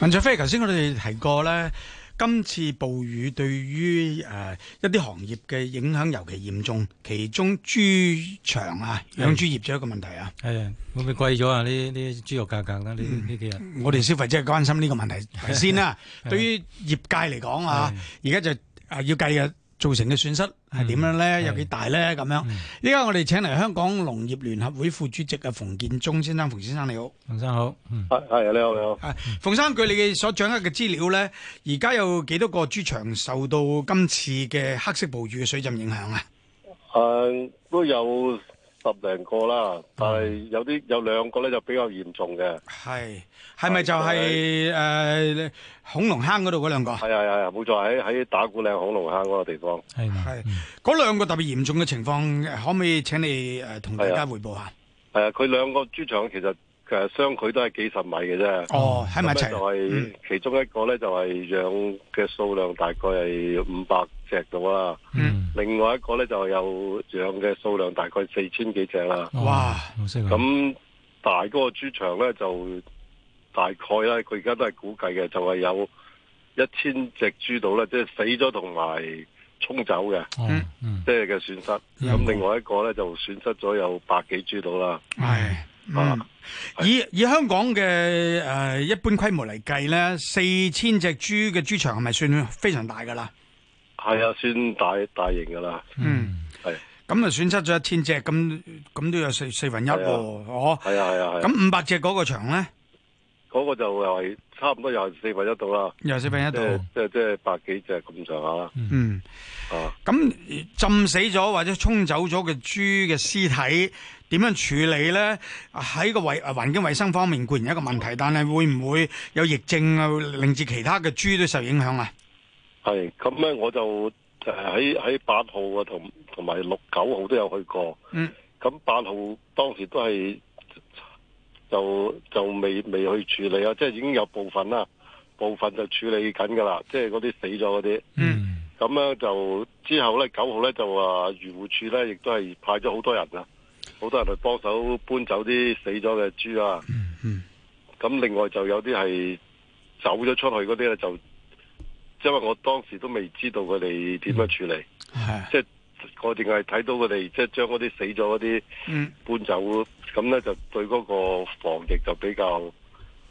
文卓飛，頭先我哋提過咧，今次暴雨對於誒一啲行業嘅影響尤其嚴重，其中豬場啊，養豬業一個問題啊，係啊，會唔會貴咗啊？呢呢豬肉價格啦，呢呢幾日，嗯、些我哋消費者關心呢個問題先啦。的對於業界嚟講啊，而家就誒、呃、要計啊。造成嘅損失係點樣咧？嗯、有幾大咧？咁樣、嗯，依家我哋請嚟香港農業聯合會副主席嘅馮健忠先生。馮先生你好，馮生好。係係，你好你好。你好啊、馮生，據你嘅所掌握嘅資料咧，而家有幾多個豬場受到今次嘅黑色暴雨嘅水浸影響啊？誒，都有。十零個啦，但係有啲有兩個咧就比較嚴重嘅。係係咪就係誒恐龍坑嗰度嗰兩個？係係係冇錯喺喺打鼓嶺恐龍坑嗰個地方。係係嗰兩個特別嚴重嘅情況，可唔可以請你誒同大家回報下？誒，佢兩個豬場其實。其實相距都係幾十米嘅啫，咁咧、哦、喺埋一齊、就係、是嗯、其中一個咧就係養嘅數量大概係五百隻到啦。嗯，另外一個咧就有養嘅數量大概四千幾隻啦。哇，咁、嗯、大嗰個豬場咧就大概咧，佢而家都係估計嘅，就係、是、有一千隻豬到啦，即、就、係、是、死咗同埋沖走嘅，即係嘅損失。咁、嗯、另外一個咧就損失咗有百幾豬到啦。係、嗯。嗯、以以香港嘅誒、呃、一般規模嚟計咧，四千隻豬嘅豬場係咪算非常大噶啦？係啊，算大大型噶啦。嗯，係。咁啊，損失咗一千隻，咁咁都有四四分一喎，哦。係啊係、哦、啊係。咁、啊啊、五百隻嗰個場咧？嗰個就又係差唔多又係廿四分一度啦，廿四分一度，呃、即係即係百幾隻咁上下啦。嗯，啊，咁浸死咗或者沖走咗嘅豬嘅屍體點樣處理咧？喺個衞環境衞生方面固然一個問題，但係會唔會有疫症啊，令至其他嘅豬都受影響啊？係咁咧，我就喺喺八號啊，同同埋六九號都有去過。嗯，咁八號當時都係。就就未未去處理啊，即係已經有部分啦，部分就處理緊㗎啦，即係嗰啲死咗嗰啲。嗯。咁咧就之後咧九號咧就話漁護處咧亦都係派咗好多人啊，好多人去幫手搬走啲死咗嘅豬啊。嗯。咁、嗯、另外就有啲係走咗出去嗰啲咧，就因為、就係、我當時都未知道佢哋點樣處理，係、嗯、即係。我淨係睇到佢哋即係將嗰啲死咗嗰啲搬走，咁、嗯、呢，就對嗰個防疫就比較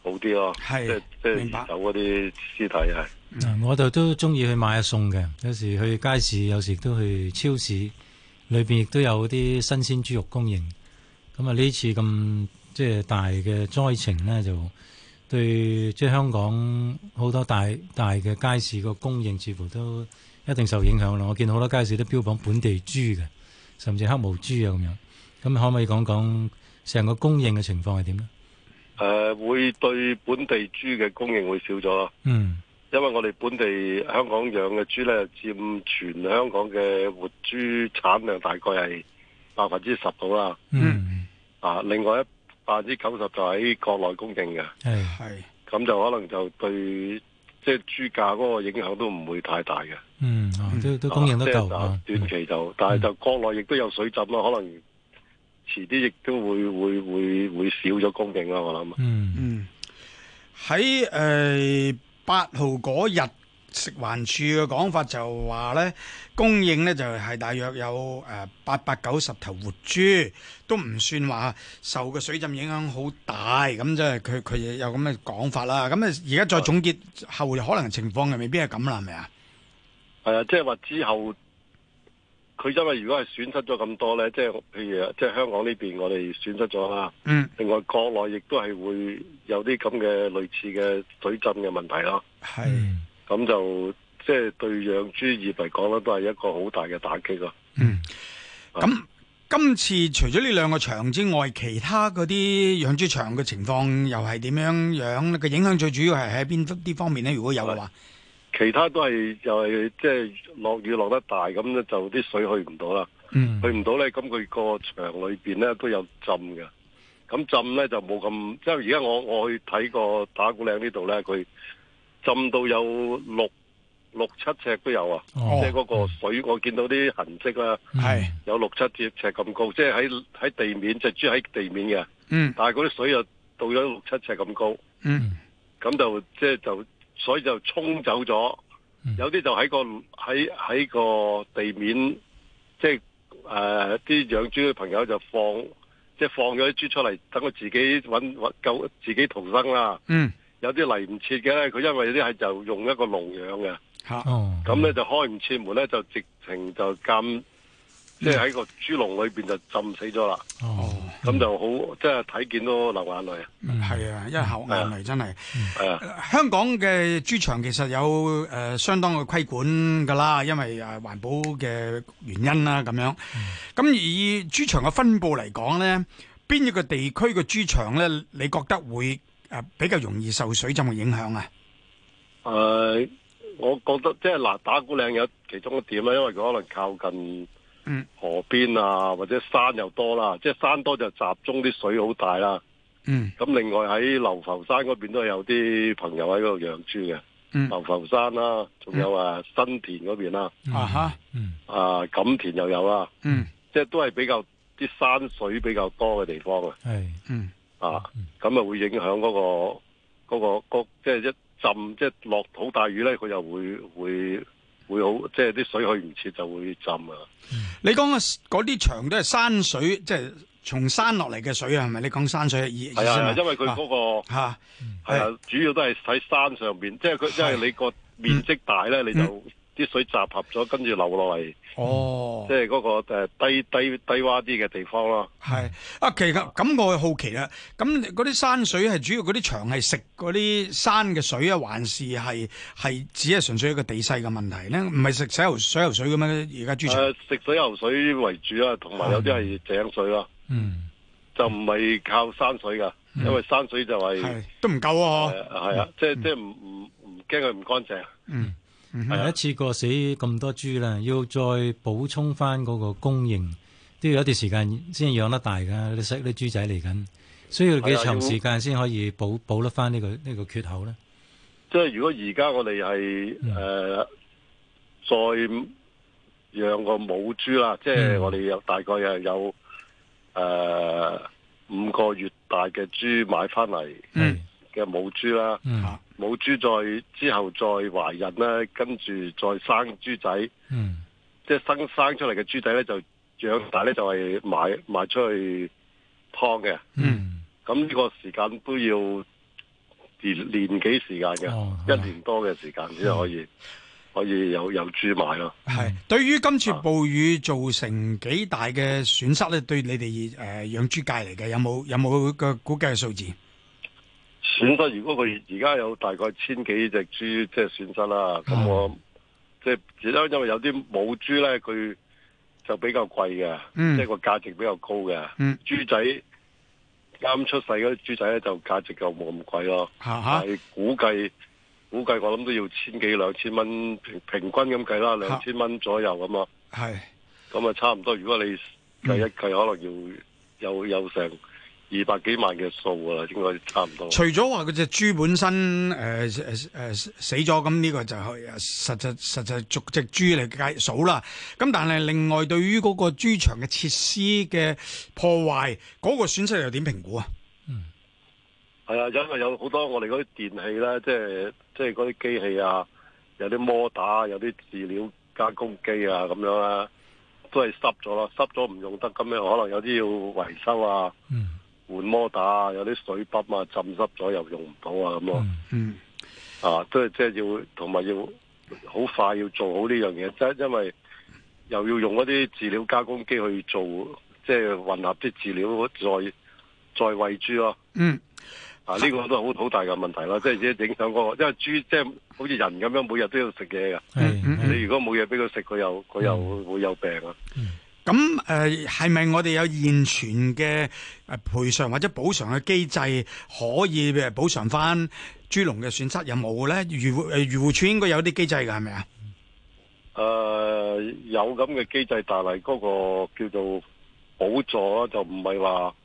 好啲咯。係是，即係搬走嗰啲屍體係。嗯、我就都中意去買下餸嘅，有時去街市，有時都去超市，裏邊亦都有啲新鮮豬肉供應。咁啊，呢次咁即係大嘅災情呢，就對即係香港好多大大嘅街市個供應似乎都。一定受影響咯！我見好多街市都標榜本地豬嘅，甚至黑毛豬啊咁樣。咁可唔可以講講成個供應嘅情況係點呢？誒、呃，會對本地豬嘅供應會少咗。嗯，因為我哋本地香港養嘅豬呢，佔全香港嘅活豬產量大概係百分之十度啦。嗯，啊，另外一百分之九十就喺、是、國內供應嘅。係係、哎，咁、哎、就可能就對即係豬價嗰個影響都唔會太大嘅。嗯，嗯都都、嗯、供應得夠、啊嗯、短期就，但係就國內亦都有水浸咯。嗯、可能遲啲亦都會會會會少咗供應啦。我諗嗯嗯喺誒八號嗰日食環署嘅講法就話咧供應咧就係大約有誒八百九十頭活豬，都唔算話受個水浸影響好大咁。即係佢佢有咁嘅講法啦。咁啊，而家再總結後，可能情況又未必係咁啦，係咪啊？係啊，即係話之後佢因為如果係損失咗咁多呢，即係譬如即係香港呢邊我哋損失咗啦，嗯，另外國內亦都係會有啲咁嘅類似嘅水浸嘅問題咯，係，咁就即係對養豬業嚟講咧，都係一個好大嘅打擊咯。嗯，咁今次除咗呢兩個場之外，其他嗰啲養豬場嘅情況又係點樣樣？個影響最主要係喺邊啲方面呢？如果有嘅話。嗯其他都係就係即係落雨落得大咁咧，就啲水去唔到啦。嗯、mm.，去唔到咧，咁佢個牆裏邊咧都有浸嘅。咁浸咧就冇咁即係。而家我我去睇個打鼓嶺呢度咧，佢浸到有六六七尺都有啊。哦，即係嗰個水，我見到啲痕迹啦。係、mm. 有六七尺尺咁高，即係喺喺地面，隻豬喺地面嘅。嗯，mm. 但係嗰啲水又到咗六七尺咁高。嗯，咁就即係就。就就就就就所以就沖走咗，有啲就喺個喺喺個地面，即係誒啲養豬嘅朋友就放，即係放咗啲豬出嚟，等佢自己揾揾救自己逃生啦。嗯，有啲嚟唔切嘅咧，佢因為有啲係就用一個籠養嘅，嚇、啊，咁咧、哦、就開唔切門咧，就直情就浸，即係喺個豬籠裏邊就浸死咗啦。哦。咁、嗯、就好，嗯、即係睇見都流眼淚。嗯，係啊，一口眼淚真係。誒，香港嘅豬場其實有誒、呃、相當嘅規管噶啦，因為誒環、呃、保嘅原因啦，咁樣。咁、嗯嗯、以豬場嘅分布嚟講咧，邊一個地區嘅豬場咧，你覺得會誒、呃、比較容易受水浸嘅影響啊？誒、呃，我覺得即係嗱，打鼓嶺有其中一點啦，因為佢可能靠近。嗯、河邊啊，或者山又多啦，即係山多就集中啲水好大啦。嗯、咁、啊、另外喺流浮山嗰邊都有啲朋友喺嗰度養豬嘅。嗯，流浮山啦、啊，仲有啊新田嗰邊啦。啊哈。啊，錦、嗯啊、田又有啦、啊。嗯。即係都係比較啲山水比較多嘅地方啊。係。嗯。啊，咁啊、嗯、會影響嗰、嗰個、嗰個、嗰個即係一浸，即係落好大雨咧，佢又會會。會會好，即係啲水去唔切就會浸啊！嗯、你講嘅嗰啲牆都係山水，即係從山落嚟嘅水啊，係咪？你講山水係二二三？係啊，因為佢、嗰個吓係啊，的主要都係喺山上邊，啊、的即係佢，即係你個面積大咧，你就。嗯嗯啲水集合咗，跟住流落嚟，哦，即係嗰個誒低低低窪啲嘅地方咯。係啊，其實咁我好奇啦，咁嗰啲山水係主要嗰啲場係食嗰啲山嘅水啊，還是係係只係純粹一個地勢嘅問題咧？唔係食水游水游水嘅咩？而家豬、啊、食水游水為主啦、啊，同埋有啲係井水咯、啊。嗯，就唔係靠山水噶，嗯、因為山水就係、是嗯、都唔夠啊，係啊，即係即係唔唔唔驚佢唔乾淨。嗯。係一次過死咁多豬啦，要再補充翻嗰個供應，都要一段時間先養得大噶你細啲豬仔嚟緊，需要幾長時間先可以補補要得翻呢、呢個呢、呢個缺口咧？即係如果而家我哋係誒再養個母豬啦，mm hmm. 即係我哋有大概誒有誒、呃、五個月大嘅豬買翻嚟。Mm hmm. 冇豬啦，冇豬再之後再懷孕啦，跟住再生豬仔，嗯、即係生生出嚟嘅豬仔咧，嗯、就長大咧就係賣賣出去劏嘅。咁呢、嗯、個時間都要年年幾時間嘅，哦、一年多嘅時間先可以、嗯、可以有有豬賣咯。係，對於今次暴雨造成幾大嘅損失咧，啊、對你哋誒養豬界嚟嘅有冇有冇個估計嘅數字？損失如果佢而家有大概千幾隻豬，即係損失啦。咁我即係，隻、就、因、是、因為有啲母豬咧，佢就比較貴嘅，嗯、即係個價值比較高嘅。豬、嗯、仔啱出世嗰啲豬仔咧，就價值就冇咁貴咯。啊、哈但係估計，估計我諗都要千幾兩千蚊平平均咁計啦，兩千蚊左右咁咯。係咁啊，差唔多。如果你計一計，可能要、嗯、有有，有成。二百幾萬嘅數啊，應該差唔多。除咗話嗰隻豬本身誒誒、呃呃呃呃、死咗，咁呢個就係實際實際逐隻豬嚟計數啦。咁但係另外對於嗰個豬場嘅設施嘅破壞，嗰、嗰個損失又點評估啊？嗯，係啊，因為有好多我哋嗰啲電器咧，即係即係嗰啲機器啊，有啲摩打，有啲飼料加工機啊咁樣啦、啊，都係濕咗咯，濕咗唔用得，咁樣可能有啲要維修啊。嗯。換摩打有啲水泵嘛，浸濕咗又用唔到啊咁咯，嗯啊、mm hmm. 啊都係即係要同埋要好快要做好呢樣嘢，即、就、係、是、因為又要用嗰啲飼料加工機去做，即、就、係、是、混合啲飼料再再餵豬咯，嗯啊呢、mm hmm. 啊這個都好好大嘅問題咯、啊，即係即係影響、那個，因為豬即係好似人咁樣，每日都要食嘢㗎，mm hmm. 你如果冇嘢俾佢食，佢有佢又、mm hmm. 會有病啊。Mm hmm. 咁誒，係咪、呃、我哋有現存嘅誒賠償或者補償嘅機制可以誒補償翻豬農嘅損失有冇咧？漁護漁護署應該有啲機制噶，係咪啊？誒、呃，有咁嘅機制，但係嗰個叫做補助啦，就唔係話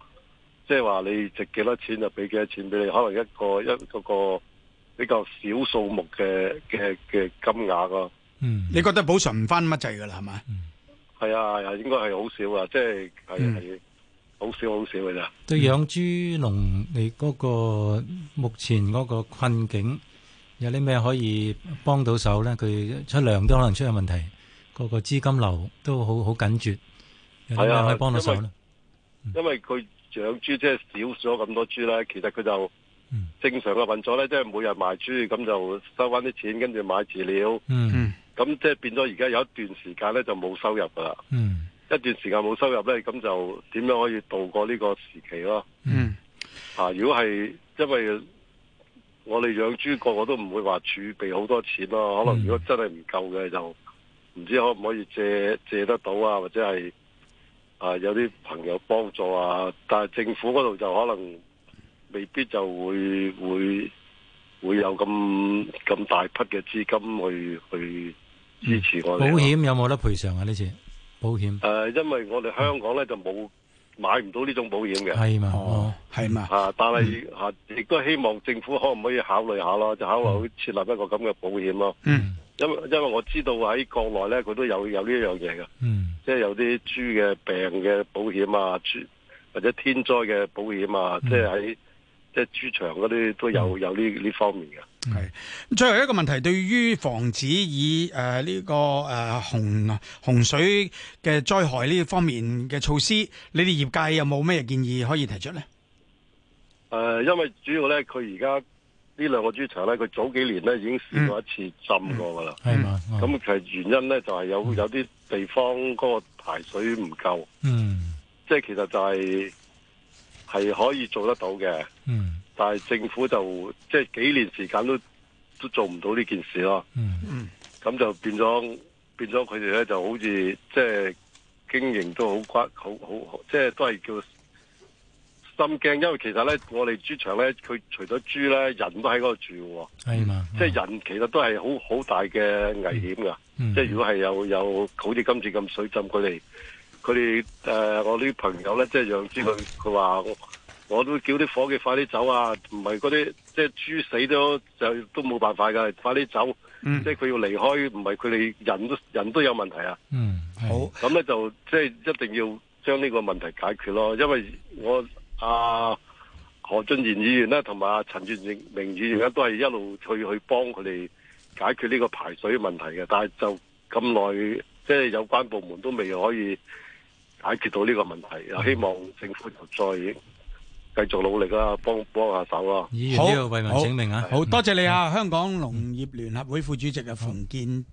即係話你值幾多錢就俾幾多錢俾你，可能一個一嗰個比較少數目嘅嘅嘅金額咯、啊。嗯，你覺得補償唔翻乜制噶啦，係咪？嗯係啊，應該係好少啊，即係係係好少好少嘅。咋？對養豬農，你嗰個目前嗰個困境，嗯、有啲咩可以幫到手咧？佢出糧都可能出有問題，個個資金流都好好緊絕。有啊，可以幫到手咧？因為佢養豬即係少咗咁多豬咧，其實佢就、嗯、正常嘅運作咧，即係每日賣豬咁就收翻啲錢，跟住買飼料。嗯嗯咁即係變咗，而家有一段時間咧就冇收入噶啦。嗯，mm. 一段時間冇收入咧，咁就點樣可以度過呢個時期咯？嗯，mm. 啊，如果係因為我哋養豬個個都唔會話儲備好多錢咯，可能如果真係唔夠嘅，就唔知可唔可以借借得到啊，或者係啊有啲朋友幫助啊，但係政府嗰度就可能未必就會會會有咁咁大筆嘅資金去去。支持我。保險有冇得賠償啊？呢次保險誒、呃，因為我哋香港咧就冇買唔到呢種保險嘅。係嘛，哦，係嘛吓。但係吓亦都希望政府可唔可以考慮下咯，就考慮設立一個咁嘅保險咯。嗯。因為因為我知道喺國內咧佢都有有呢樣嘢㗎。嗯。即係有啲豬嘅病嘅保險啊，豬或者天災嘅保險啊，嗯、即係喺。即係豬場嗰啲都有、嗯、有呢呢方面嘅。係咁，最後一個問題，對於防止以誒呢、呃這個誒洪洪水嘅災害呢方面嘅措施，你哋業界有冇咩建議可以提出咧？誒、呃，因為主要咧，佢而家呢兩個豬場咧，佢早幾年咧已經試過一次浸過噶啦。係嘛、嗯。咁、嗯、其實原因咧，就係、是、有、嗯、有啲地方嗰個排水唔夠。嗯。即係其實就係、是。係可以做得到嘅，嗯、但係政府就即係、就是、幾年時間都都做唔到呢件事咯。咁、嗯嗯、就變咗變咗佢哋咧，就好似即係經營都好好，好好即係都係叫心驚，因為其實咧我哋豬場咧，佢除咗豬咧，人都喺嗰度住嘅。係嘛嗎，即係人其實都係好好大嘅危險噶。即係、嗯、如果係有有，有好似今次咁水浸佢哋。佢哋誒我啲朋友咧，即係養豬佢佢話，我都叫啲伙計快啲走啊！唔係嗰啲即係豬死咗就都冇辦法㗎，快啲走！嗯、即係佢要離開，唔係佢哋人都人都有問題啊！嗯，好咁咧就即係一定要將呢個問題解決咯，因為我阿、啊、何俊賢議員咧同埋阿陳月明議員咧都係一路去去幫佢哋解決呢個排水問題嘅，但係就咁耐，即係有關部門都未可以。解決到呢個問題，希望政府又再繼續努力啊，幫幫下手啊！議員呢個為民請命啊！好，的好多謝你啊，嗯、香港農業聯合會副主席、嗯、啊，馮、嗯、健。